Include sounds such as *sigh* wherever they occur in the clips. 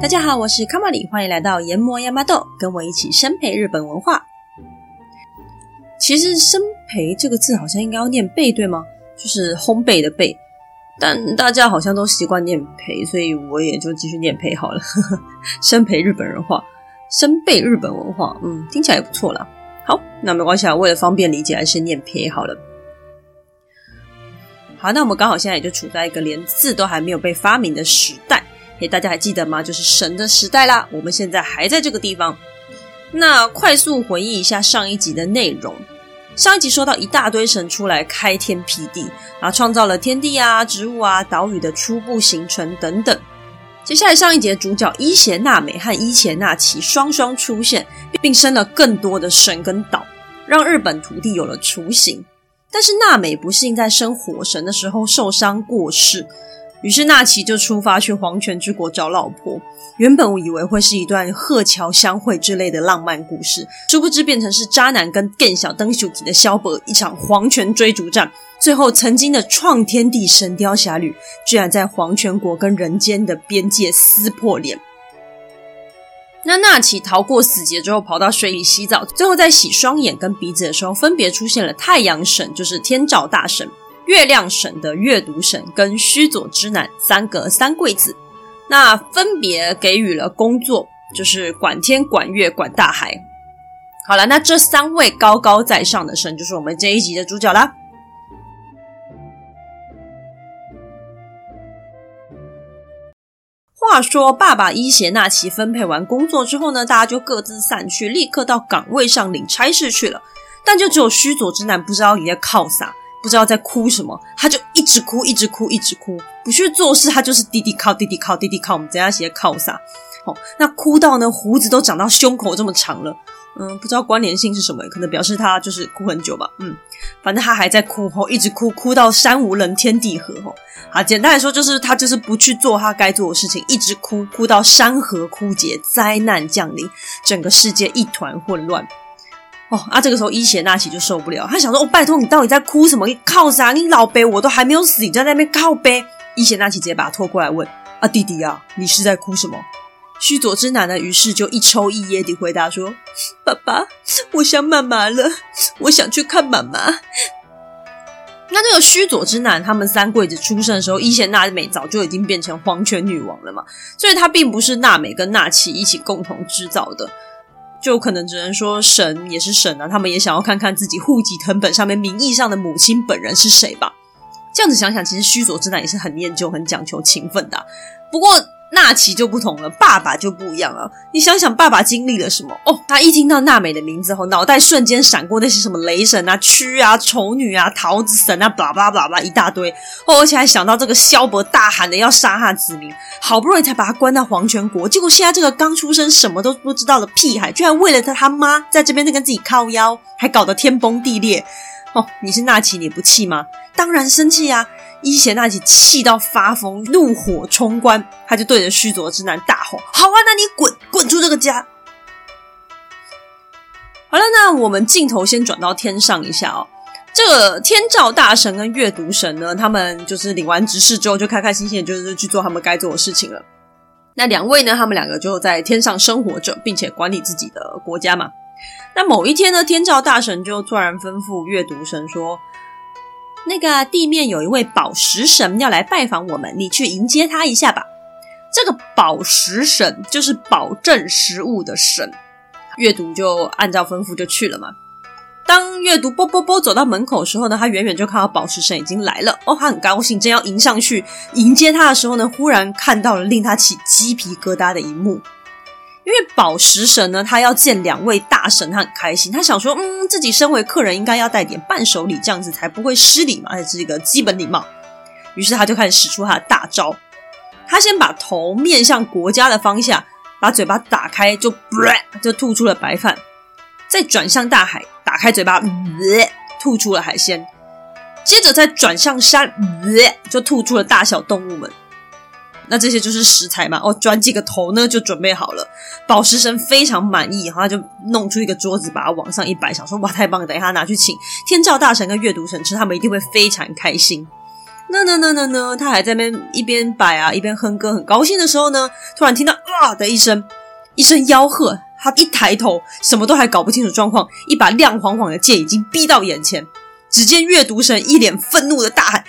大家好，我是卡瑪里，歡迎來到研磨牙麻豆，跟我一起生培日本文化。其實“生培”這個字好像應該要念“焙”，對嗎？就是烘焙的“焙”。但大家好像都習慣念“培”，所以我也就繼續念“培”好了。生培日本人話，生焙日本文化，嗯，聽起來也不錯啦。好，那沒關係啊，為了方便理解還是念“培”好了。好，那我們剛好現在也就處在一個連字都還沒有被發明的時代。嘿，大家還記得嗎？就是神的時代啦。我們現在還在這個地方。那快速回憶一下上一集的內容，上一集說到一大堆神出來開天辟地，然後創造了天地啊、植物啊、島嶼的初步形成等等。接下來上一集的主角伊邪那美和伊邪那岐雙雙出現，並生了更多的神跟島，讓日本土地有了雛形。但是娜美不幸在生火神的時候受傷過世，於是那岐就出發去黃泉之國找老婆。原本我以為會是一段鵲橋相會之類的浪漫故事，殊不知變成是渣男跟更小燈登基的蕭伯一場黃泉追逐戰。最後，曾經的創天地神鵰俠侶，居然在黃泉國跟人間的邊界撕破臉。那那岐逃過死劫之後，跑到水裡洗澡，最後在洗雙眼跟鼻子的時候，分別出現了太陽神，就是天照大神、月亮神的月讀神跟須佐之男三個三貴子，那分別給予了工作，就是管天、管月、管大海。好了，那這三位高高在上的神，就是我們這一集的主角啦。話說，爸爸伊邪那岐分配完工作之後呢，大家就各自散去，立刻到崗位上領差事去了。但就只有須佐之男不知道你在靠啥，不知道在哭什麼，他就一直哭，一直哭，一直哭，不去做事，他就是滴滴靠，滴滴靠，滴滴靠，我們怎樣寫靠啥好，哦，那哭到呢，鬍子都長到胸口這麼長了，嗯，不知道關聯性是什麼，可能表示他就是哭很久吧，嗯。反正他還在哭吼，一直哭，哭到山無棱，天地合吼。啊，簡單來說就是他就是不去做他該做的事情，一直哭，哭到山河枯竭，災難降臨，整個世界一團混亂。哦，啊，這個時候伊邪那岐就受不了，他想說哦，拜託你到底在哭什麼？你靠啥？你老北我都還沒有死，你就在那邊靠北。伊邪那岐直接把他拖過來問：啊，弟弟啊，你是在哭什麼？須佐之男呢？於是就一抽一噎地回答說：“爸爸，我想媽媽了，我想去看媽媽。”那這個須佐之男，他們三貴子出生的時候，伊邪那美早就已經變成黃泉女王了嘛，所以她並不是那美跟那岐一起共同製造的，就可能只能說神也是神啊，他們也想要看看自己戶籍謄本上面名義上的母親本人是誰吧。這樣子想想，其實須佐之男也是很念舊、很講求情分的啊。不過。那奇就不同了，爸爸就不一樣了。你想想，爸爸經歷了什麼？哦，他一聽到那美的名字後，腦袋瞬間閃過那些什麼雷神啊、蛆啊、醜女啊、桃子神啊，巴拉巴拉一大堆。哦，而且還想到這個蕭伯大喊的要殺他子民，好不容易才把他關到黃泉國，結果現在這個剛出生什麼都不知道的屁孩，居然為了他他媽在這邊在跟自己靠腰，還搞得天崩地裂。哦，你是那奇，你不氣嗎？當然生氣呀，啊！伊邪那岐氣到發瘋，怒火衝冠，他就對着須佐之男大吼：“好啊，那你滾，滾出這個家！”好了，那我們鏡頭先轉到天上一下哦。這個天照大神跟月讀神呢，他們就是領完指示之後，就開開心心的，就是去做他們該做的事情了。那兩位呢，他們兩個就在天上生活着，並且管理自己的國家嘛。那某一天呢，天照大神就突然吩咐月讀神說。那個地面有一位保食神要來拜訪我們，你去迎接他一下吧，這個保食神就是保證食物的神。月讀就按照吩咐就去了嘛。當月讀波波波走到門口的時候呢，他遠遠就看到保食神已經來了。哦，他很高興，正要迎上去迎接他的時候呢，忽然看到了令他起雞皮疙瘩的一幕。因為保食神呢，他要見兩位大神，他很開心。他想說，嗯，自己身為客人，應該要帶點伴手禮，這樣子才不會失禮嘛，這是一個基本禮貌。於是他就開始使出他的大招。他先把頭面向國家的方向，把嘴巴打開，就就吐出了白飯。再轉向大海，打開嘴巴，呃，吐出了海鮮。接着再轉向山，呃，就吐出了大小動物們。那這些就是食材嘛。哦，轉幾個頭呢，就準備好了。保食神非常滿意，然後他就弄出一個桌子，把它往上一擺，想說哇太棒了！等一下他拿去請天照大神跟月讀神吃，他們一定會非常開心。那那那那那那，他還在那邊一邊擺啊一邊哼歌，很高興的時候呢，突然聽到啊的一聲一聲吆喝，他一抬頭，什麼都還搞不清楚狀況，一把亮晃晃的劍已經逼到眼前。只見月讀神一臉憤怒的大喊：“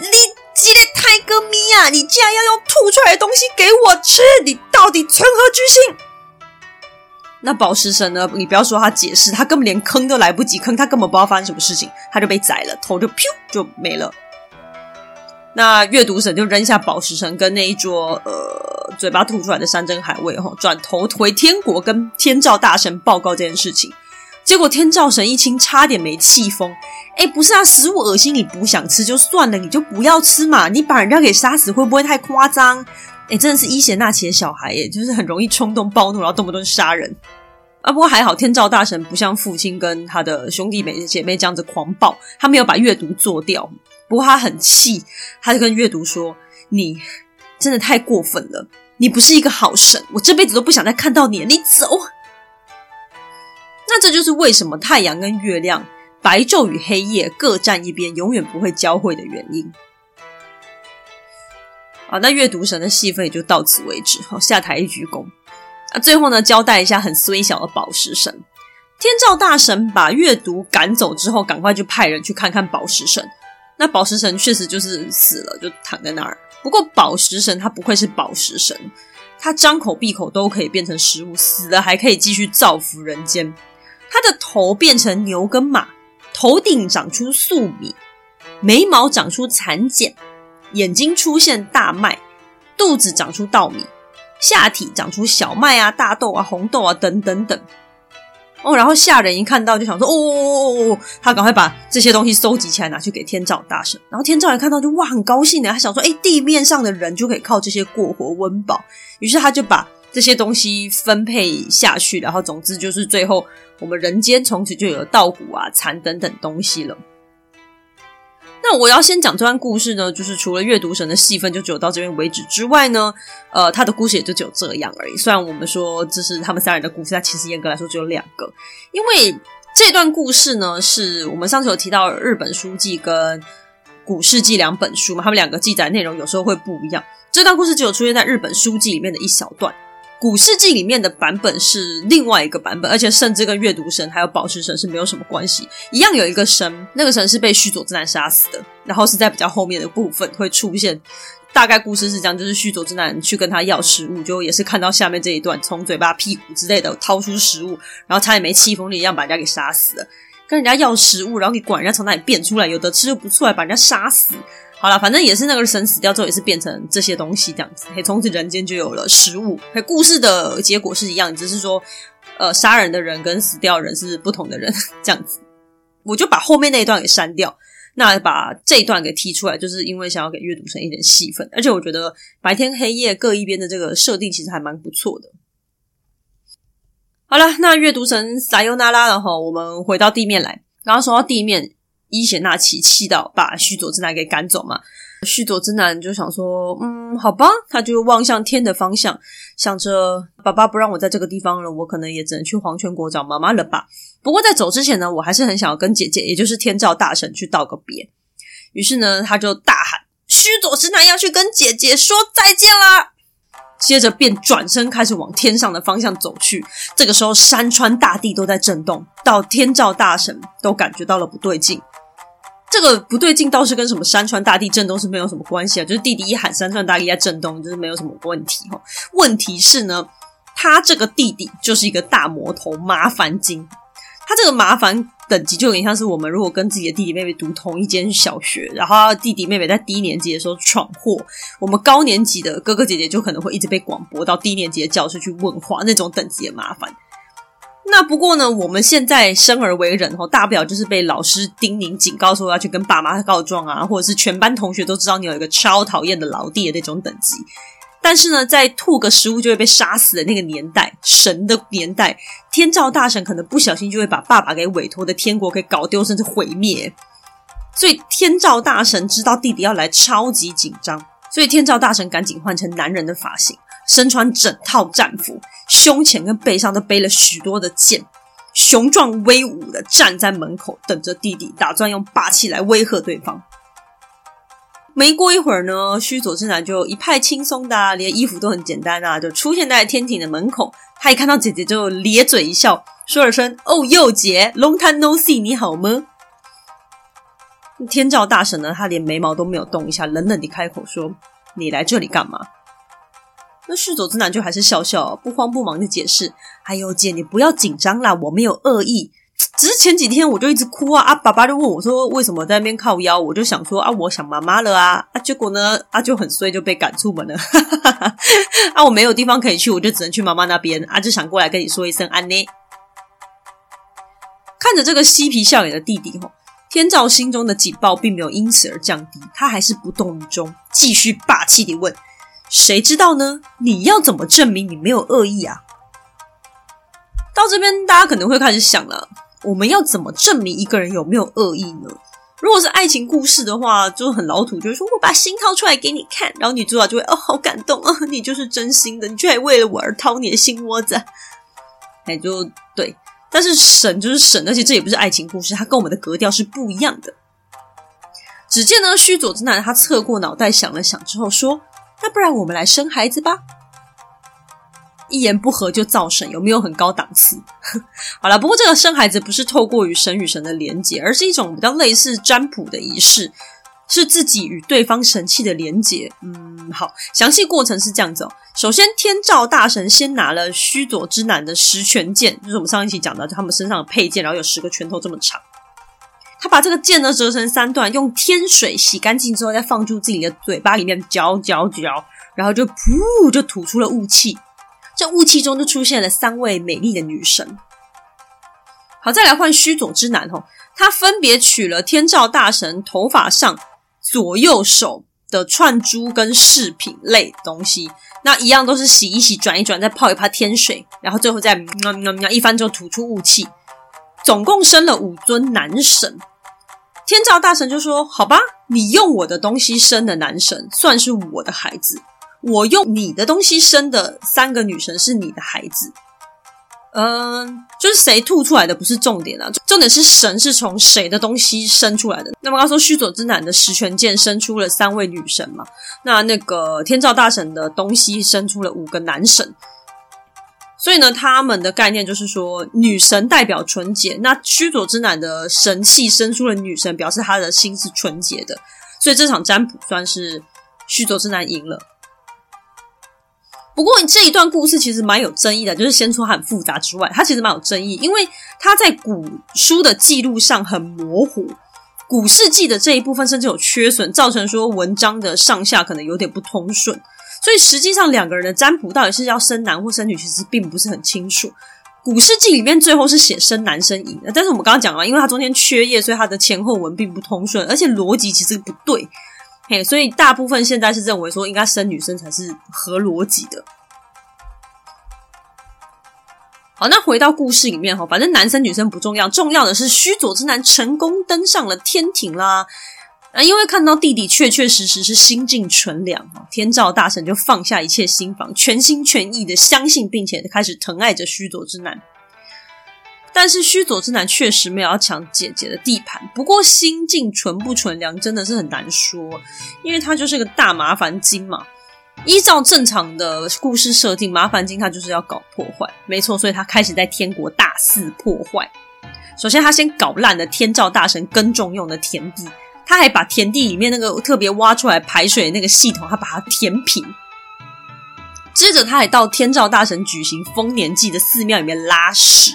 你！”激烈泰戈米啊，你竟然要用吐出來的東西給我吃，你到底存何居心？那保食神呢？你不要說他解釋，他根本連坑都來不及坑，他根本不知道發生什麼事情，他就被宰了，頭就 piu 就沒了。那月讀神就扔下保食神跟那一桌呃嘴巴吐出來的山珍海味吼，轉頭回天國跟天照大神報告這件事情。結果天照神一清差點沒氣瘋，哎、欸，不是啊，食物噁心你不想吃就算了，你就不要吃嘛，你把人家給殺死會不會太誇張？哎、欸，真的是伊邪那岐的小孩耶、欸，就是很容易衝動暴怒，然後動不動就殺人啊。不過還好天照大神不像父親跟他的兄弟妹姐妹這樣子狂暴，他沒有把月讀做掉。不過他很氣，他就跟月讀說：“你真的太過分了，你不是一個好神，我這輩子都不想再看到你，你走。”那這就是為什麼太陽跟月亮、白晝與黑夜各站一邊，永遠不會交匯的原因。啊，那月讀神的戲份也就到此為止，好，下台一鞠躬。那、啊、最後呢，交代一下很衰小的保食神，天照大神把月讀趕走之後，趕快就派人去看看保食神。那保食神確實就是死了，就躺在那兒。不過保食神他不愧是保食神，他張口閉口都可以變成食物，死了還可以繼續造福人間。他的頭變成牛跟馬，頭頂長出粟米，眉毛長出蠶繭，眼睛出現大麥，肚子長出稻米，下體長出小麥啊、大豆啊、紅豆啊等等等。哦，然後下人一看到就想說：“哦，哦，哦，哦，哦！”他趕快把這些東西收集起來，拿去給天照大神。然後天照一看到就哇，很高興的，他想說：“誒，地面上的人就可以靠這些過活溫飽。”於是他就把。這些東西分配下去，然後總之就是最後我們人間從此就有了稻穀啊、蠶等等東西了。那我要先講這段故事呢，就是除了月讀神的戲份就只有到這邊為止之外呢，呃，他的故事也就只有這樣而已。雖然我們說這是他們三人的故事，但其實嚴格來說只有兩個，因為這段故事呢是我們上次有提到日本書紀跟古事記兩本書嘛，他們兩個記載的內容有時候會不一樣。這段故事只有出現在日本書紀裡面的一小段。古世紀裡面的版本是另外一個版本，而且甚至跟月讀神還有保食神是沒有什麼關係。一樣有一個神，那個神是被須佐之男殺死的，然後是在比較後面的部分會出現。大概故事是這樣，就是須佐之男去跟他要食物，就也是看到下面這一段，從嘴巴、屁股之類的掏出食物，然後他也沒氣瘋了一樣把人家給殺死了，跟人家要食物，然後你管人家從哪裡變出來，有的吃又不出來，把人家殺死。好了，反正也是那個神死掉之後也是變成這些東西這樣子，嘿，從此人間就有了食物。嘿，故事的結果是一樣，只是說，呃，殺人的人跟死掉人是不同的人這樣子。我就把後面那一段給刪掉，那把這一段給踢出來，就是因為想要給月讀神一點戲份，而且我覺得白天黑夜各一邊的這個設定其實還蠻不錯的。好了，那月讀神撒尤那拉了哈，我們回到地面來。剛剛說到地面。伊邪那岐氣到把須佐之男給趕走嘛？須佐之男就想說：“嗯，好吧。”他就望向天的方向，想着：“爸爸不讓我在這個地方了，我可能也只能去黃泉國找媽媽了吧。”不過在走之前呢，我還是很想要跟姐姐，也就是天照大神去道個別。於是呢，他就大喊：“須佐之男要去跟姐姐說再見了！”接着便轉身開始往天上的方向走去。這個時候，山川大地都在震動，到天照大神都感覺到了不對勁。這個不對勁倒是跟什麼山川大地震動是沒有什麼關係啊，就是弟弟一喊山川大地在震動，就是沒有什麼問題哈。問題是呢，他這個弟弟就是一個大魔頭麻煩精，他這個麻煩等級就有點像是我們如果跟自己的弟弟妹妹讀同一間小學，然後弟弟妹妹在低年級的時候闖禍，我們高年級的哥哥姐姐就可能會一直被廣播到低年級的教室去問話，那種等級的麻煩。那不過呢，我們現在生而為人吼，大不了就是被老師叮嚀警告，說要去跟爸媽告狀啊，或者是全班同學都知道你有一個超討厭的老弟的那種等級。但是呢，在吐個食物就會被殺死的那個年代，神的年代，天照大神可能不小心就會把爸爸給委託的天國給搞丟，甚至毀滅。所以天照大神知道弟弟要來，超級緊張，所以天照大神趕緊換成男人的髮型。身穿整套戰服，胸前跟背上都背了許多的箭，雄壯威武的站在門口，等着弟弟，打算用霸氣來威嚇對方。沒過一會兒呢，須佐之男就一派輕鬆的、啊，連衣服都很簡單啊，就出現在天庭的門口。他一看到姐姐就咧嘴一笑，說了聲“哦、oh,，喲，姐，Long time no see，你好嗎？”天照大神呢，他連眉毛都沒有動一下，冷冷地開口說：“你來這裡幹嘛？”那須佐之男就還是笑笑，不慌不忙的解釋：“哎呦姐，你不要緊張啦，我沒有惡意，只是前幾天我就一直哭啊啊，爸爸就問我說為什麼在那邊靠腰，我就想說啊，我想媽媽了啊啊，結果呢，啊就很衰就被趕出門了，哈哈哈，啊，我沒有地方可以去，我就只能去媽媽那邊，啊，就想過來跟你說一聲安呢。啊”看着這個嬉皮笑臉的弟弟吼，天照心中的警報並沒有因此而降低，他還是不動於衷，繼續霸氣地問。誰知道呢？你要怎麼證明你沒有惡意啊？到這邊，大家可能會開始想了：我們要怎麼證明一個人有沒有惡意呢？如果是愛情故事的話，就很老土，就是說我把心掏出來給你看，然後女主角就會哦，好感動啊、哦，你就是真心的，你居然為了我而掏你的心窩子。哎，就對，但是神就是神，而且這也不是愛情故事，它跟我們的格調是不一樣的。只見呢，須佐之男他側過腦袋想了想之後說。那不然我們來生孩子吧！一言不合就造神，有沒有很高檔次？ *laughs* 好了，不過這個生孩子不是透過與神與神的連結，而是一種比較類似占卜的儀式，是自己與對方神器的連結。嗯，好，詳細過程是這樣子哦。首先，天照大神先拿了須佐之男的十拳劍，就是我們上一期講的，就他們身上的佩劍，然後有十個拳頭這麼長。他把這個劍呢折成三段，用天水洗乾淨之後，再放入自己的嘴巴裡面嚼嚼嚼，然後就噗，就吐出了霧氣。這霧氣中就出現了三位美麗的女神。好，再來換須佐之男哦，他分別取了天照大神頭髮上、左右手的串珠跟飾品類東西，那一樣都是洗一洗、轉一轉，再泡一泡天水，然後最後再喵喵喵一番之後吐出霧氣。總共生了五尊男神。天照大神就說：“好吧，你用我的東西生的男神算是我的孩子，我用你的東西生的三個女神是你的孩子。呃”嗯，就是誰吐出來的不是重點啊。重點是神是從誰的東西生出來的。那麼剛剛說須佐之男的十拳劍生出了三位女神嘛，那那個天照大神的東西生出了五個男神。所以呢，他們的概念就是說，女神代表純潔。那須佐之男的神器生出了女神，表示他的心是純潔的。所以這場占卜算是須佐之男贏了。不過這一段故事其實蠻有爭議的，就是先說很複雜之外，它其實蠻有爭議，因為它在古書的記錄上很模糊，古事記的這一部分甚至有缺損，造成說文章的上下可能有點不通順。所以實際上兩個人的占卜到底是要生男或生女，其實並不是很清楚。古事記裡面最後是寫生男生贏的，但是我們剛剛講了，因為它中間缺頁，所以它的前後文並不通順，而且邏輯其實不對。嘿，所以大部分現在是認為說應該生女生才是合邏輯的。好，那回到故事裡面哈、哦，反正男生女生不重要，重要的是須佐之男成功登上了天庭啦。那因為看到弟弟確確實實是心境純良，天照大神就放下一切心防，全心全意的相信，並且開始疼愛着須佐之男。但是須佐之男確實沒有要搶姐姐的地盤，不過心境純不純良真的是很難說，因為他就是個大麻煩精嘛。依照正常的故事設定，麻煩精他就是要搞破壞，沒錯，所以他開始在天國大肆破壞。首先，他先搞爛了天照大神耕種用的田地。他還把田地裡面那個特別挖出來排水的那個系統，他把它填平。接着他還到天照大神舉行豐年祭的寺廟裡面拉屎，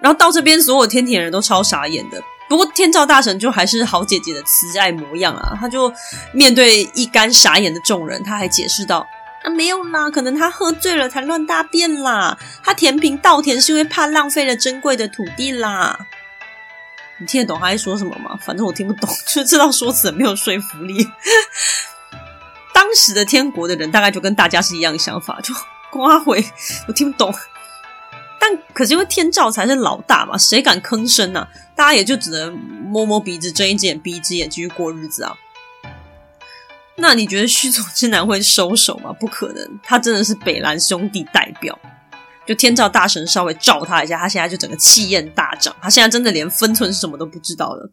然後到這邊所有天體人都超傻眼的。不過天照大神就還是好姐姐的慈愛模樣啊，他就面對一干傻眼的眾人，他還解釋道，啊沒有啦，可能他喝醉了才亂大便啦。他填平稻田是因為怕浪費了珍貴的土地啦。你聽得懂他在說什麼嗎？反正我聽不懂，就是這套說辭沒有說服力。 *laughs* 當時的天國的人大概就跟大家是一樣的想法，就瓜萎，我聽不懂。但可是因為天照才是老大嘛，誰敢吭聲呢、啊？大家也就只能摸摸鼻子，睜一隻眼閉一隻眼，繼續過日子啊。那你覺得須佐之男會收手嗎？不可能，他真的是北爛兄弟代表。就天照大神稍微照他一下，他現在就整個氣焰大漲。他現在真的連分寸是什麼都不知道了。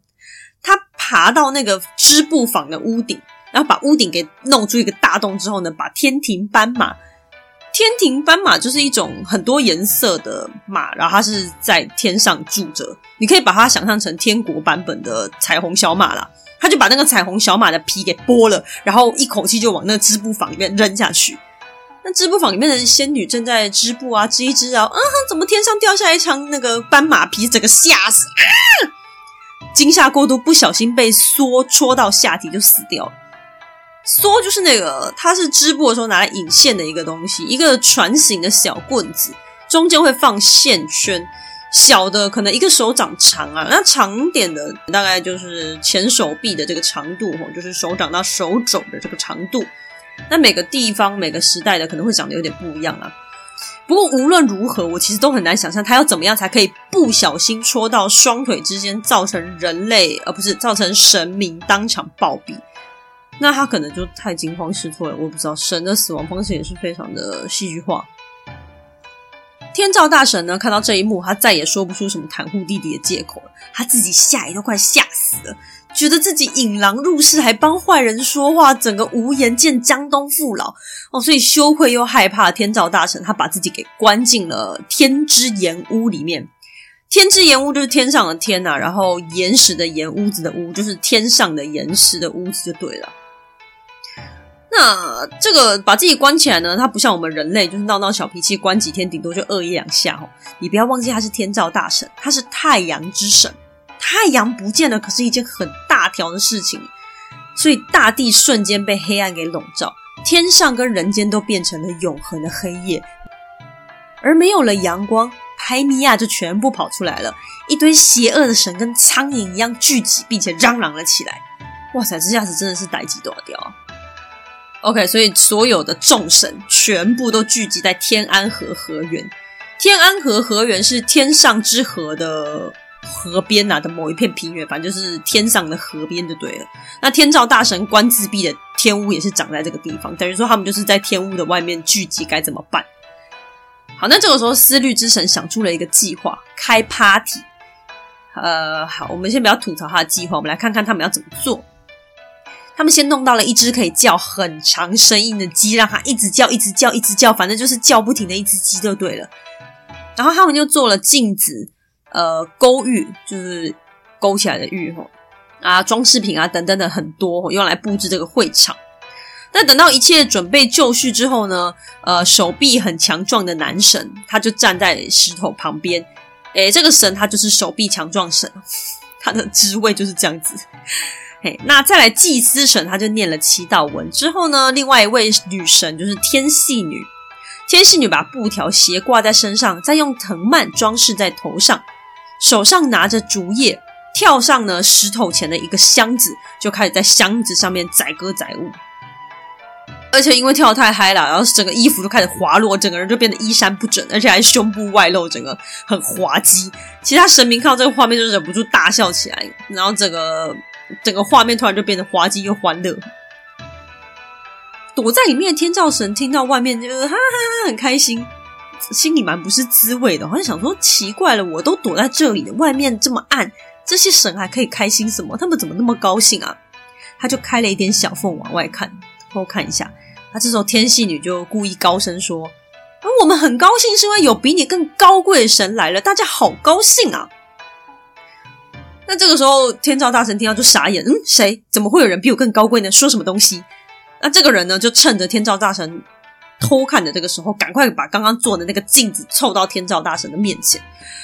他爬到那個織布坊的屋頂，然後把屋頂給弄出一個大洞之後呢，把天庭斑馬，天庭斑馬就是一種很多顏色的馬，然後它是在天上住着。你可以把它想象成天國版本的彩虹小馬啦，他就把那個彩虹小馬的皮給剝了，然後一口氣就往那個織布坊裡面扔下去。那織布坊裡面的仙女正在織布啊，織一織啊，嗯哼，怎麼天上掉下一張那個斑馬皮，整個嚇死，啊！驚嚇過度，不小心被梭戳到下體就死掉了。梭就是那個，它是織布的時候拿來引線的一個東西，一個船型的小棍子，中間會放線圈，小的可能一個手掌長啊，那長點的大概就是前手臂的這個長度，吼，就是手掌到手肘的這個長度。那每個地方、每個時代的可能會長得有點不一樣啊。不過無論如何，我其實都很難想象他要怎麼樣才可以不小心戳到雙腿之間，造成人類而、呃、不是造成神明當場暴斃。那他可能就太驚慌失措了，我不知道神的死亡方式也是非常的戲劇化。天照大神呢，看到這一幕，他再也說不出什麼袒護弟弟的借口了，他自己嚇也都快嚇死了。覺得自己引狼入室，還幫壞人說話，整個無顏見江東父老哦，所以羞愧又害怕，天照大神他把自己給關進了天之岩屋裡面。天之岩屋就是天上的天吶、啊，然後岩石的岩，屋子的屋，就是天上的岩石的屋子就對了。那這個把自己關起來呢，他不像我們人類，就是鬧鬧小脾氣，關幾天，頂多就餓一兩下、哦。你不要忘記，他是天照大神，他是太陽之神。太陽不見了，可是一件很大條的事情，所以大地瞬間被黑暗給籠罩，天上跟人間都變成了永恆的黑夜，而沒有了陽光，拍米亞就全部跑出來了，一堆邪惡的神跟蒼蠅一樣聚集，並且嚷嚷了起來。哇塞，這下子真的是代誌大條啊 OK，所以所有的眾神全部都聚集在天安河河原，天安河河原是天上之河的。河邊吶、啊、的某一片平原，反正就是天上的河邊就對了。那天照大神關自閉的天屋也是長在這個地方，等於說他們就是在天屋的外面聚集，該怎麼辦？好，那這個時候思慮之神想出了一個計劃，開 party。呃，好，我們先不要吐槽他的計劃，我們來看看他們要怎麼做。他們先弄到了一隻可以叫很長聲音的雞，讓它一,一直叫，一直叫，一直叫，反正就是叫不停的一隻雞就對了。然後他們就做了鏡子。呃，勾玉就是勾起來的玉吼，啊，裝飾品啊，等等的很多用來布置這個會場。但等到一切準備就緒之後呢，呃，手臂很強壯的男神，他就站在石頭旁邊。誒，這個神他就是手臂強壯神，他的職位就是這樣子。嘿那再來祭司神，他就念了祈禱文，之後呢，另外一位女神就是天系女，天系女把布條斜掛在身上，再用藤蔓裝飾在頭上。手上拿着竹葉，跳上了石頭前的一個箱子，就開始在箱子上面載歌載舞。而且因為跳的太嗨了，然後整個衣服都開始滑落，整個人就變得衣衫不整，而且還胸部外露，整個很滑稽。其他神明看到這個畫面，就忍不住大笑起來，然後整個整個畫面突然就變得滑稽又歡樂。躲在裡面的天照神聽到外面就，就哈哈哈，很開心。心裡蠻不是滋味的，好像想說奇怪了，我都躲在這裡，外面這麼暗，這些神還可以開心什麼？他們怎麼那麼高興啊？他就開了一點小縫往外看，偷看一下。那這時候天系女就故意高聲說、啊：“我們很高興，是因為有比你更高貴的神來了，大家好高興啊！”那這個時候天照大神聽到就傻眼，嗯，誰？怎麼會有人比我更高貴呢？說什麼東西？那這個人呢，就趁着天照大神。偷看的這個時候，趕快把剛剛做的那個鏡子湊到天照大神的面前。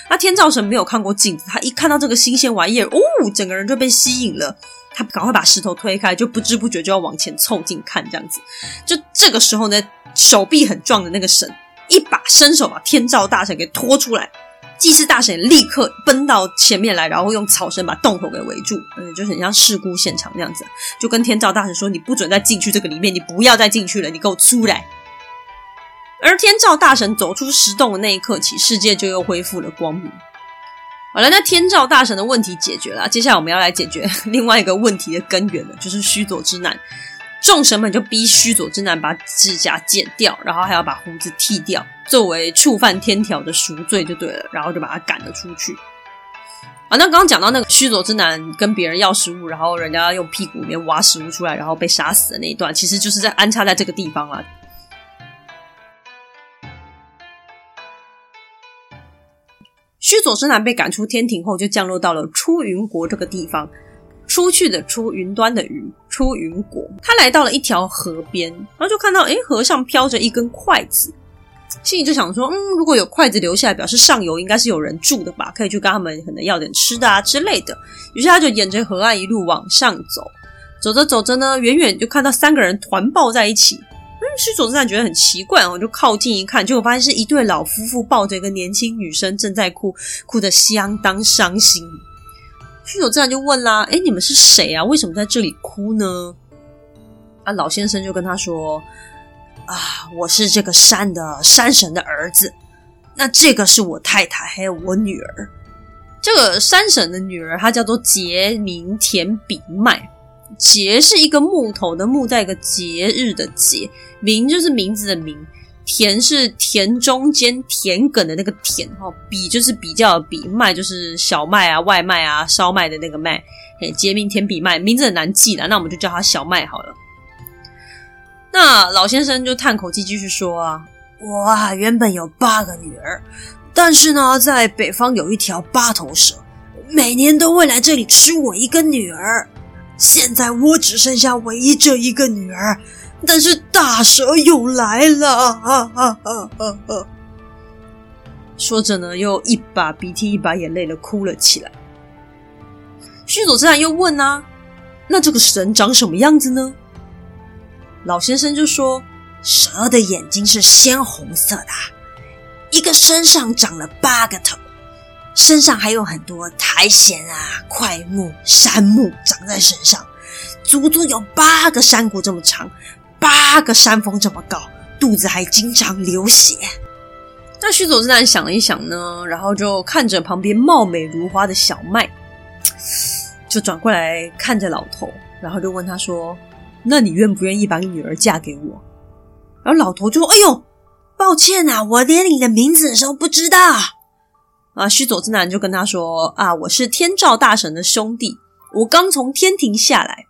那天照神沒有看過鏡子，他一看到這個新鮮玩意兒，哦，整個人就被吸引了。他趕快把石頭推開，就不知不覺就要往前湊近看，這樣子。就這個時候呢，手臂很壯的那個神一把伸手把天照大神給拖出來。祭司大神立刻奔到前面來，然後用草繩把洞口給圍住，嗯，就是、很像事故現場那樣子。就跟天照大神說：“你不准再進去這個裡面，你不要再進去了，你給我出來。”而天照大神走出石洞的那一刻起，世界就又恢復了光明。好了，那天照大神的問題解決了。接下來我們要來解決另外一個問題的根源了，就是須佐之男。眾神們就逼須佐之男把指甲剪掉，然後還要把鬍子剃掉，作為觸犯天條的贖罪就對了。然後就把他趕了出去。啊，那剛剛講到那個須佐之男跟別人要食物，然後人家用屁股裡面挖食物出來，然後被殺死的那一段，其實就是在安插在這個地方啊。須佐之男被趕出天庭後，就降落到了出雲國這個地方。出去的出雲端的雲出雲國，他來到了一條河邊，然後就看到，哎，河上飄着一根筷子，心裡就想說，嗯，如果有筷子留下來，表示上游應該是有人住的吧，可以去跟他們可能要點吃的啊之類的。於是他就沿着河岸一路往上走，走着走着呢，遠遠就看到三個人團抱在一起。須佐自然覺得很奇怪，我就靠近一看，結果發現是一對老夫婦抱着一個年輕女生正在哭，哭得相當傷心。須佐自然就問啦：“哎、欸，你們是誰啊？為什麼在這裡哭呢？”啊，老先生就跟他說：“啊，我是這個山的山神的兒子。那這個是我太太，還有我女兒。這個山神的女兒，她叫做杰明田比麥。”節是一個木頭的木，帶一個節日的節，名就是名字的名，田是田中間田埂的那個田，哦，比就是比較比，賣就是小麥啊，外賣啊，燒麥的那個麥，嘿節名田比麥，名字很難記的，那我們就叫它小麥好了。那老先生就嘆口氣，繼續說啊，哇，啊，原本有八個女兒，但是呢，在北方有一條八頭蛇，每年都會來這裡吃我一個女兒。現在我只剩下唯一這一個女兒，但是大蛇又來了。啊啊啊啊啊、說着呢，又一把鼻涕一把眼淚的哭了起來。須佐之男又問啊，那這個神長什麼樣子呢？老先生就說，蛇的眼睛是鮮紅色的，一個身上長了八個頭。身上還有很多苔蘚啊、檜木、杉木長在身上，足足有八個山谷這麼長，八個山峰這麼高，肚子還經常流血。那須佐之男想了一想呢，然後就看着旁邊貌美如花的小麥，就轉過來看着老頭，然後就問他說：“那你願不願意把女兒嫁給我？”然後老頭就說：“哎呦，抱歉吶、啊，我連你的名字都不知道。”啊！須佐之男就跟他說：“啊，我是天照大神的兄弟，我剛從天庭下來。”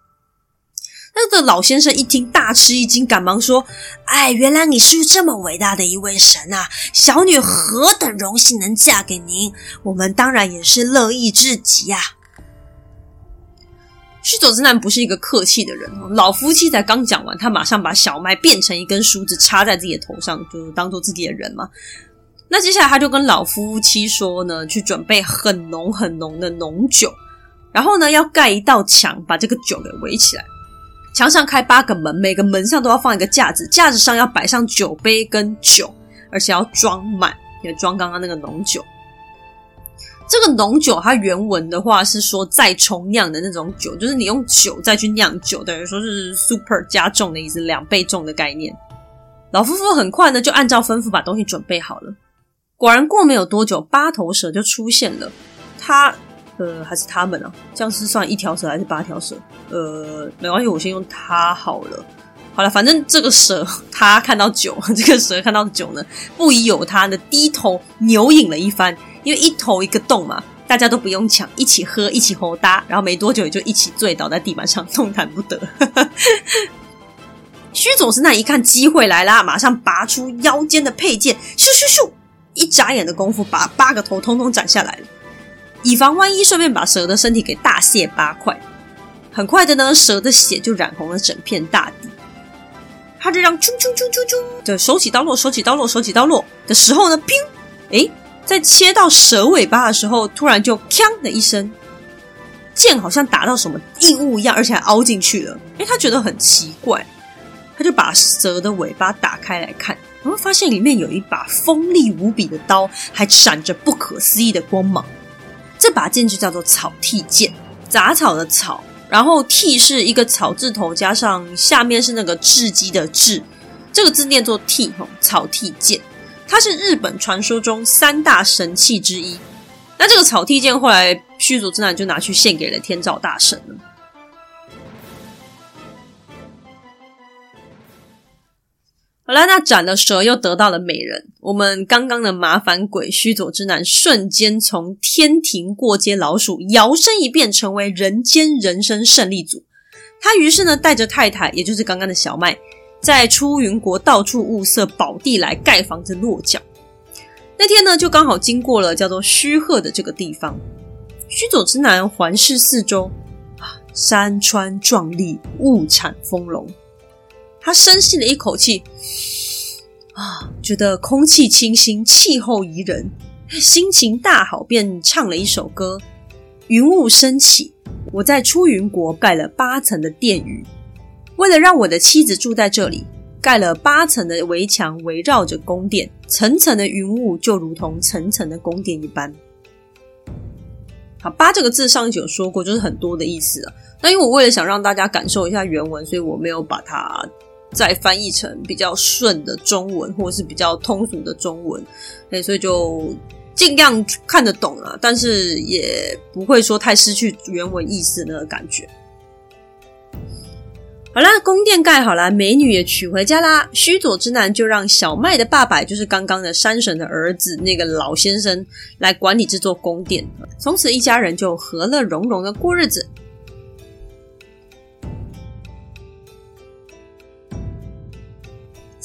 那個老先生一聽大吃一驚，趕忙說：“哎，原來你是這麼偉大的一位神啊！小女何等榮幸能嫁給您，我們當然也是樂意至極啊！”須佐之男不是一個客氣的人，老夫妻才剛講完，他馬上把小麥變成一根梳子，插在自己的頭上，就是當做自己的人嘛。那接下來他就跟老夫妻說呢，去準備很濃很濃的濃酒，然後呢要蓋一道牆，把這個酒給圍起來，牆上開八個門，每個門上都要放一個架子，架子上要擺上酒杯跟酒，而且要裝滿，也裝剛剛那個濃酒。這個濃酒它原文的話是說再重釀的那種酒，就是你用酒再去釀酒，等於說是 super 加重的意思，兩倍重的概念。老夫婦很快呢就按照吩咐把東西準備好了。果然過沒有多久，八頭蛇就出現了。他呃，還是他們呢、啊？這樣是算一條蛇還是八條蛇？呃，沒關係，我先用他好了。好了，反正這個蛇他看到酒，這個蛇看到酒呢，不疑有他，的低頭牛飲了一番。因為一頭一個洞嘛，大家都不用搶，一起喝，一起吼，搭。然後沒多久也就一起醉倒在地板上，動彈不得。 *laughs* 須佐之男那一看機會來啦，馬上拔出腰間的佩劍咻，咻咻咻！一眨眼的功夫，把八個頭通通斬下來了。以防萬一，順便把蛇的身體給大卸八塊。很快的呢，蛇的血就染紅了整片大地。他這樣啾啾啾啾啾，就手起刀落，手起刀落，手起刀落的時候呢，砰！哎，在切到蛇尾巴的時候，突然就鏘的一聲，劍好像打到什麼硬物一樣，而且還凹進去了。哎，他覺得很奇怪。他就把蛇的尾巴打開來看，然後發現裡面有一把鋒利無比的刀，還閃着不可思議的光芒。這把劍就叫做草剃劍，雜草的草，然後剃是一個草字頭加上下面是那個雉雞的雉，這個字念作剃，草剃劍，它是日本傳說中三大神器之一。那這個草剃劍後來須佐之男就拿去獻給了天照大神了。好、啊、啦，那斬了蛇又得到了美人，我們剛剛的麻煩鬼須佐之男瞬間從天庭過街老鼠，搖身一變成為人間人生勝利組。他於是呢，帶着太太，也就是剛剛的小麥，在出雲國到處物色寶地來蓋房子落腳。那天呢，就剛好經過了叫做須賀的這個地方。須佐之男環視四周，啊，山川壯麗，物產豐隆。他深吸了一口氣，啊，覺得空氣清新，氣候宜人，心情大好，便唱了一首歌。雲霧升起，我在出雲國蓋了八層的殿宇，為了讓我的妻子住在這裡，蓋了八層的圍牆圍繞着宮殿，層層的雲霧就如同層層的宮殿一般。好，八這個字上一集有說過，就是很多的意思，但那因為我為了想讓大家感受一下原文，所以我沒有把它。再翻譯成比較順的中文，或者是比較通俗的中文，欸，所以就儘量看得懂了啊，但是也不會說太失去原文意思的那個感覺。好啦，宮殿蓋好啦，美女也娶回家啦，須佐之男就讓小麥的爸爸，就是剛剛的山神的兒子那個老先生來管理這座宮殿，從此一家人就和樂融融的過日子。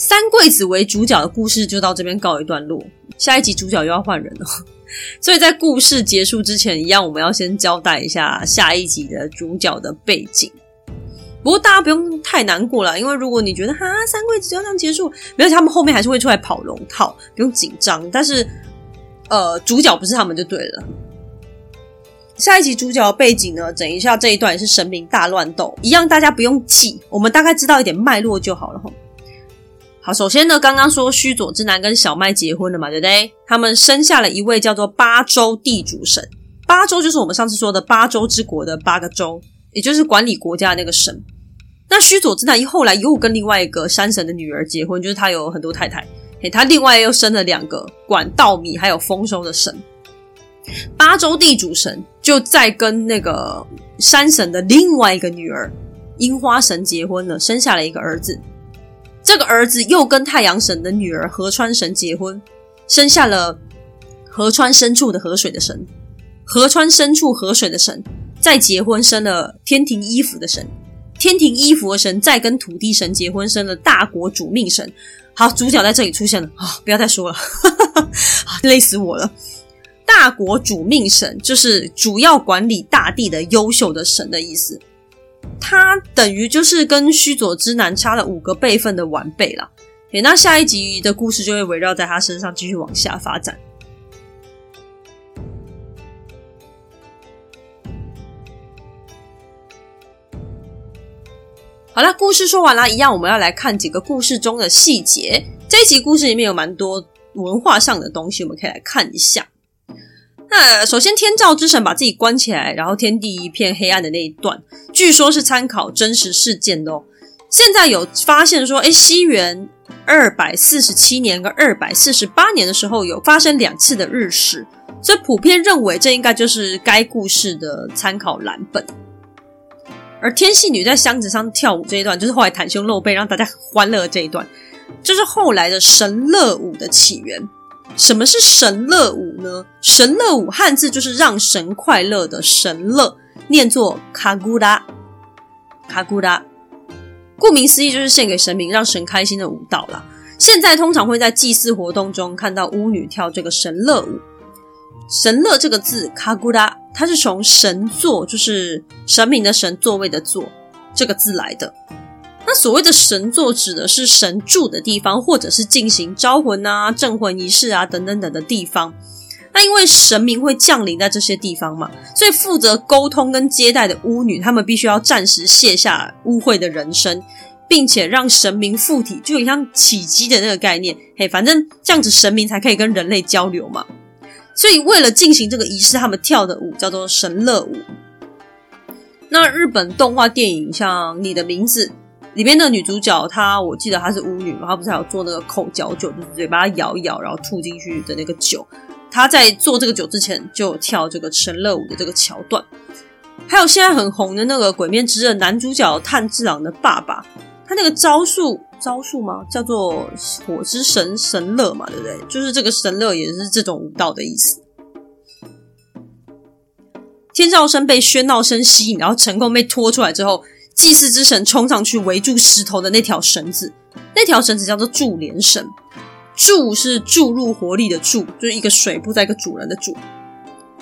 三貴子為主角的故事就到這邊告一段落，下一集主角又要換人了。 *laughs* 所以在故事結束之前，一樣我們要先交代一下下一集的主角的背景。不過大家不用太難過了，因為如果你覺得哈三貴子就這樣結束，沒有他們後面還是會出來跑龍套，不用緊張。但是呃，主角不是他們就對了。下一集主角的背景呢，整一下這一段是神明大亂鬥，一樣大家不用記，我們大概知道一點脈絡就好了。好，首先呢，剛剛說須佐之男跟小麥結婚了嘛，對不對？他們生下了一位叫做八州地主神，八州就是我們上次說的八州之國的八個州，也就是管理國家的那個神。那須佐之男一後來又跟另外一個山神的女兒結婚，就是他有很多太太，嘿，他另外又生了兩個管稻米還有豐收的神。八州地主神就在跟那個山神的另外一個女兒櫻花神結婚了，生下了一個兒子。這個兒子又跟太陽神的女兒河川神結婚，生下了河川深處的河水的神。河川深處河水的神再結婚生了天庭衣服的神。天庭衣服的神再跟土地神結婚生了大國主命神。好，主角在這裡出現了啊、哦！不要再說了， *laughs* 累死我了。大國主命神就是主要管理大地的優秀的神的意思。他等於就是跟須佐之男差了五個輩分的晚輩啦，誒，那下一集的故事就會圍繞在他身上繼續往下發展。好啦，故事說完啦，一樣我們要來看幾個故事中的細節。這一集故事裡面有蠻多文化上的東西，我們可以來看一下。那首先，天照之神把自己關起來，然後天地一片黑暗的那一段，據說是參考真實事件的哦。現在有發現說，欸，西元二百四十七年跟二百四十八年的時候有發生兩次的日食，所以普遍認為這應該就是該故事的參考藍本。而天鈿女在箱子上跳舞這一段，就是後來袒胸露背讓大家很歡樂的這一段，就是後來的神樂舞的起源。什麼是神樂舞呢？神樂舞漢字就是讓神快樂的神樂，念作卡古拉。卡古拉顧名思義就是獻給神明、讓神開心的舞蹈啦。現在通常會在祭祀活動中看到巫女跳這個神樂舞。神樂這個字卡古拉，它是從神座，就是神明的神、座位的座這個字來的。那所謂的神座指的是神住的地方，或者是進行招魂啊、鎮魂儀式啊等,等等等的地方。那因為神明會降臨在這些地方嘛，所以負責溝通跟接待的巫女，她們必須要暫時卸下污穢的人生，並且讓神明附體，就有像起乩的那個概念。嘿，反正這樣子神明才可以跟人類交流嘛。所以為了進行這個儀式，他們跳的舞叫做神樂舞。那日本動畫電影像《你的名字》。裡面的女主角，她我記得她是巫女嘛，她不是還有做那個口嚼酒，就是嘴巴咬一咬，然後吐進去的那個酒。她在做這個酒之前，就跳這個神樂舞的這個橋段。還有現在很紅的那個《鬼滅之刃》，男主角炭治郎的爸爸，他那個招數招數嗎？叫做火之神神樂嘛，對不對？就是這個神樂也是這種舞蹈的意思。天照神被喧鬧聲吸引，然後成功被拖出來之後。祭祀之神衝上去圍住石頭的那條繩子，那條繩子叫做注連繩。注是注入活力的注，就是一個水部在一個主人的主。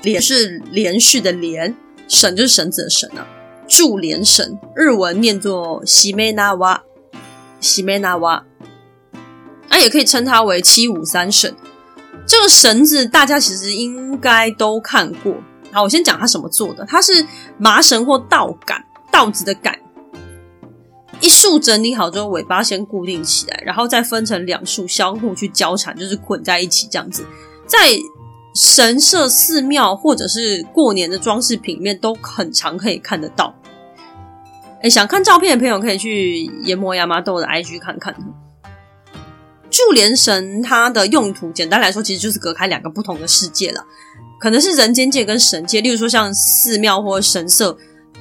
連是連續的連，繩就是繩子的繩啊。注連繩日文念作西梅納哇，西梅納哇。那、啊、也可以稱它為七五三繩。這個繩子大家其實應該都看過。好，我先講它什麼做的，它是麻繩或稻杆，稻子的杆。一束整理好之後，尾巴先固定起來，然後再分成兩束，相互去交纏，就是捆在一起這樣子。在神社、寺廟或者是過年的裝飾品裡面，都很常可以看得到。誒、欸、想看照片的朋友可以去研磨牙麻豆的 IG 看看。注連繩它的用途，簡單來說，其實就是隔開兩個不同的世界啦，可能是人間界跟神界。例如說，像寺廟或神社，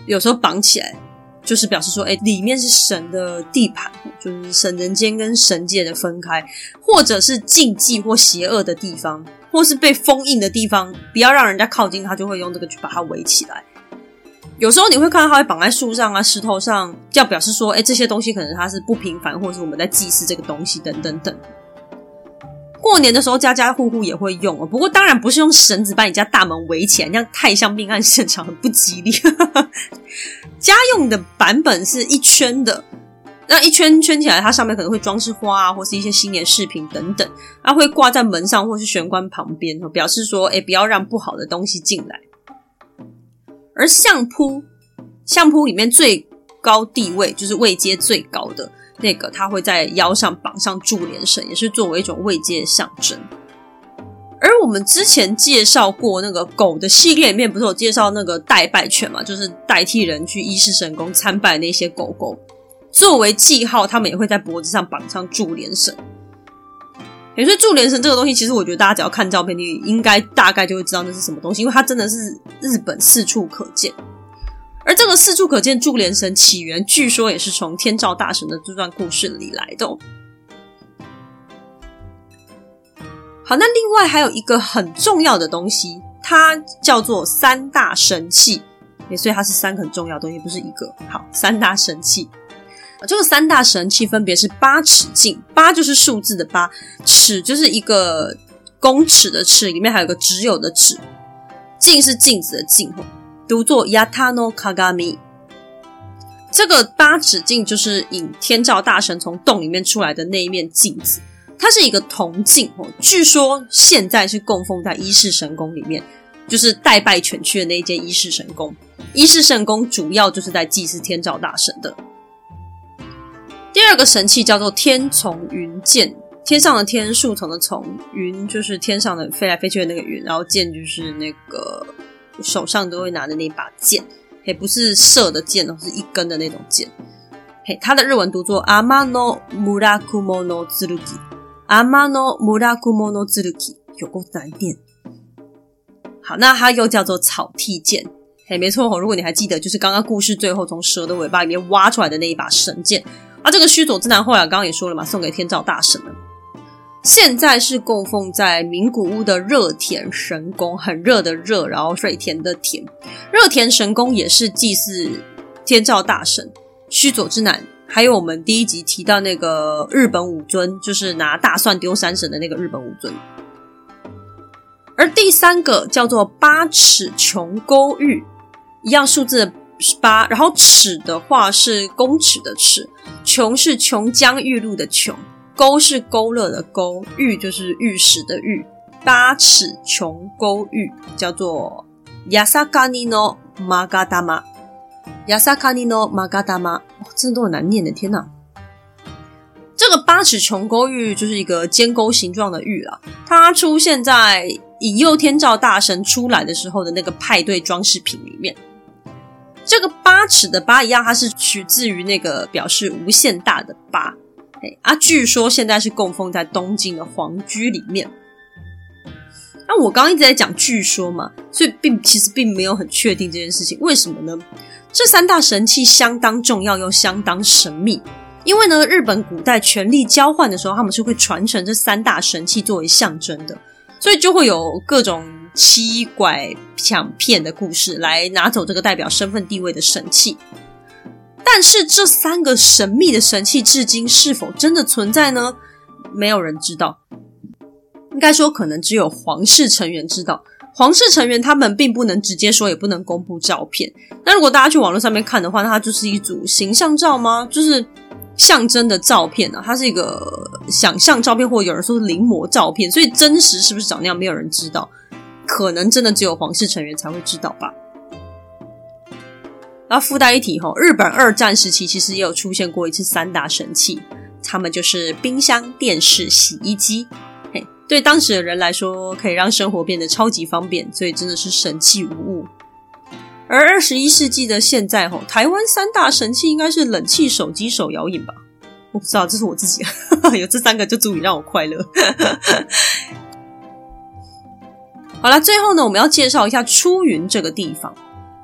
有時候綁起來。就是表示說，誒、欸，裡面是神的地盤，就是神人間跟神界的分開，或者是禁忌或邪惡的地方，或是被封印的地方，不要讓人家靠近，他就會用這個去把它圍起來。有時候你會看到它會綁在樹上啊、石頭上，要表示說，誒、欸，這些東西可能它是不平凡，或者是我們在祭祀這個東西，等等等。過年的時候，家家戶戶也會用哦。不過當然不是用繩子把你家大門圍起來，那樣太像命案現場，很不吉利。 *laughs* 家用的版本是一圈的，那一圈圈起來，它上面可能會裝飾花啊，或是一些新年飾品等等，它、啊、會掛在門上或是玄關旁邊，表示說：哎、欸，不要讓不好的東西進來。而相撲，相撲裡面最高地位就是位階最高的。那個他會在腰上綁上注連繩，也是作為一種慰藉的象徵。而我們之前介紹過那個狗的系列裡面，不是有介紹那個代拜犬嘛？就是代替人去伊勢神宮參拜那些狗狗，作為記號，他們也會在脖子上綁上注連繩。所以注連繩這個東西，其實我覺得大家只要看照片，你應該大概就會知道那是什麼東西，因為它真的是日本四處可見。而這個四處可見注連繩起源，據說也是從天照大神的這段故事裡來的哦。好，那另外還有一個很重要的東西，它叫做三大神器。也所以它是三個很重要的東西，也不是一個。好，三大神器，這個三大神器分別是八尺鏡，八就是數字的八，尺就是一個公尺的尺，裡面還有個只有的只，鏡是鏡子的鏡。讀作“亞塔諾卡加米”，這個八咫鏡就是引天照大神從洞裡面出來的那一面鏡子，它是一個銅鏡，據說現在是供奉在伊勢神宮裡面，就是代拜犬去的那一間伊勢神宮。伊勢神宮主要就是在祭祀天照大神的。第二個神器叫做“天叢雲劍”，天上的天，樹叢的叢，雲就是天上的飛來飛去的那個雲，然後劍就是那個。手上都會拿着那一把劍，嘿，不是射的箭，哦，是一根的那種劍，嘿，它的日文讀作阿媽諾穆拉庫莫諾茲魯基，阿媽諾穆拉庫莫諾茲魯基，有夠難點。好，那它又叫做草薙劍，嘿，沒錯哦。如果你還記得，就是剛剛故事最後從蛇的尾巴裡面挖出來的那一把神劍，啊，這個須佐之男後來剛剛也說了嘛，送給天照大神了。現在是供奉在名古屋的熱田神宮，很熱的熱，然後水田的田，熱田神宮也是祭祀天照大神、須佐之男，還有我們第一集提到那個日本武尊，就是拿大蒜丟山神的那個日本武尊。而第三個叫做八尺瓊勾玉，一樣數字是八，然後尺的話是公尺的尺，瓊是瓊漿玉露的瓊。勾是勾勒的勾，玉就是玉石的玉，八尺瓊勾玉叫做 Yasakani no Magatama。Yasakani no Magatama，真的都很難念的，天哪！這個八尺瓊勾玉就是一個尖勾形狀的玉啊，它出現在引誘天照大神出來的時候的那個派對裝飾品裡面。這個八尺的八一樣，它是取自於那個表示無限大的八。啊，據說現在是供奉在東京的皇居裡面。那我剛剛一直在講“據說”嘛，所以並其實並沒有很確定這件事情。為什麼呢？這三大神器相當重要又相當神秘，因為呢，日本古代權力交換的時候，他們是會傳承這三大神器作為象徵的，所以就會有各種七拐搶騙的故事來拿走這個代表身份地位的神器。但是這三個神秘的神器，至今是否真的存在呢？沒有人知道。應該說，可能只有皇室成員知道。皇室成員他們並不能直接說，也不能公布照片。那如果大家去網絡上面看的話，那它就是一組形象照嗎？就是象徵的照片呢、啊？它是一個想象照片，或者有人說是臨摹照片，所以真實是不是長那樣？沒有人知道。可能真的只有皇室成員才會知道吧。然後附帶一提哈，日本二戰時期其實也有出現過一次三大神器，它們就是冰箱、電視、洗衣機。嘿，對當時的人來說，可以讓生活變得超級方便，所以真的是神器無誤。而二十一世紀的現在哈，台灣三大神器應該是冷氣、手機、手搖飲吧？我不知道，這是我自己 *laughs* 有這三個就足以讓我快樂。 *laughs* 好啦，最後呢，我們要介紹一下出雲這個地方。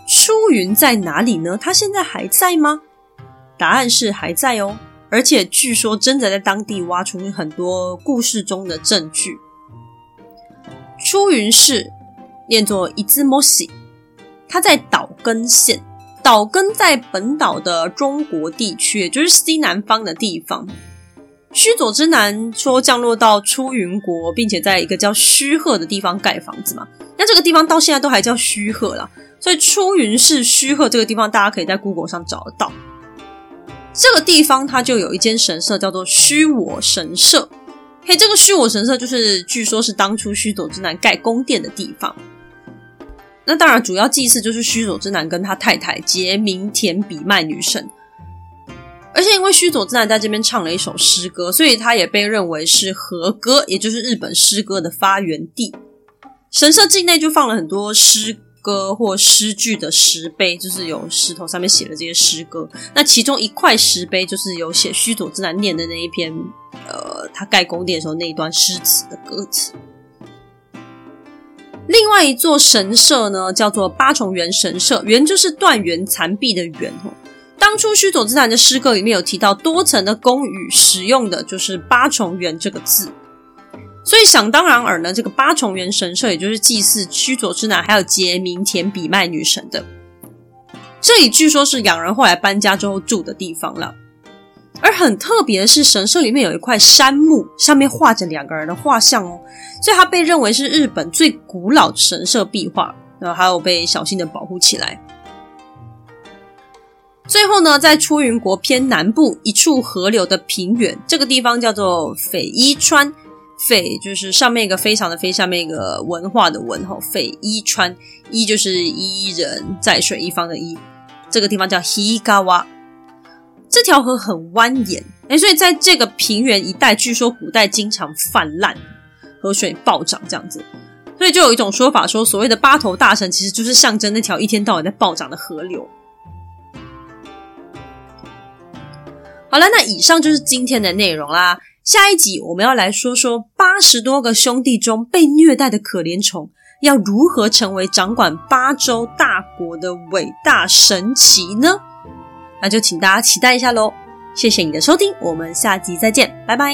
出雲在哪裡呢？他現在還在嗎？答案是還在哦，而且據說真的在當地挖出很多故事中的證據。出雲市，念作伊茲摩西，他在島根縣。島根在本島的中國地區，也就是西南方的地方。須佐之男說降落到出雲國，並且在一個叫須賀的地方蓋房子嘛。那這個地方到現在都還叫須賀了。所以出雲市須賀這個地方，大家可以在 Google 上找得到。這個地方它就有一間神社，叫做須我神社。嘿，這個須我神社就是據說是當初須佐之男蓋宮殿的地方。那當然，主要祭祀就是須佐之男跟他太太結明田比賣女神。而且因為須佐之男在這邊唱了一首詩歌，所以他也被認為是和歌，也就是日本詩歌的發源地。神社境內就放了很多詩歌。歌或詩句的石碑，就是有石頭上面寫的這些詩歌。那其中一塊石碑，就是有寫須佐之男念的那一篇，呃，他蓋宮殿的時候那一段詩詞的歌詞。另外一座神社呢，叫做八重垣神社，垣就是斷垣殘壁的垣哦。當初須佐之男的詩歌裡面有提到多層的宮宇，使用的就是八重垣這個字。所以想當然耳呢，這個八重垣神社也就是祭祀須佐之男還有櫛名田比賣女神的，這裡據說是兩人後來搬家之後住的地方了。而很特別的是，神社裡面有一塊杉木，上面畫着兩個人的畫像哦，所以它被認為是日本最古老的神社壁畫，然後還有被小心的保護起來。最後呢，在出雲國偏南部一處河流的平原，這個地方叫做斐伊川。斐就是上面一個非常的非，下面一個文化的文，吼，斐伊川，伊就是伊人在水一方的伊。這個地方叫 Higawa，這條河很蜿蜒，誒所以在這個平原一帶，據說古代經常氾濫，河水暴漲這樣子，所以就有一種說法說，所謂的八頭大神其實就是象徵那條一天到晚在暴漲的河流。好了，那以上就是今天的內容啦。下一集我們要來說說八十多個兄弟中被虐待的可憐蟲，要如何成為掌管八洲大國的偉大神祇呢？那就請大家期待一下嘍！謝謝你的收聽，我們下集再見，拜拜。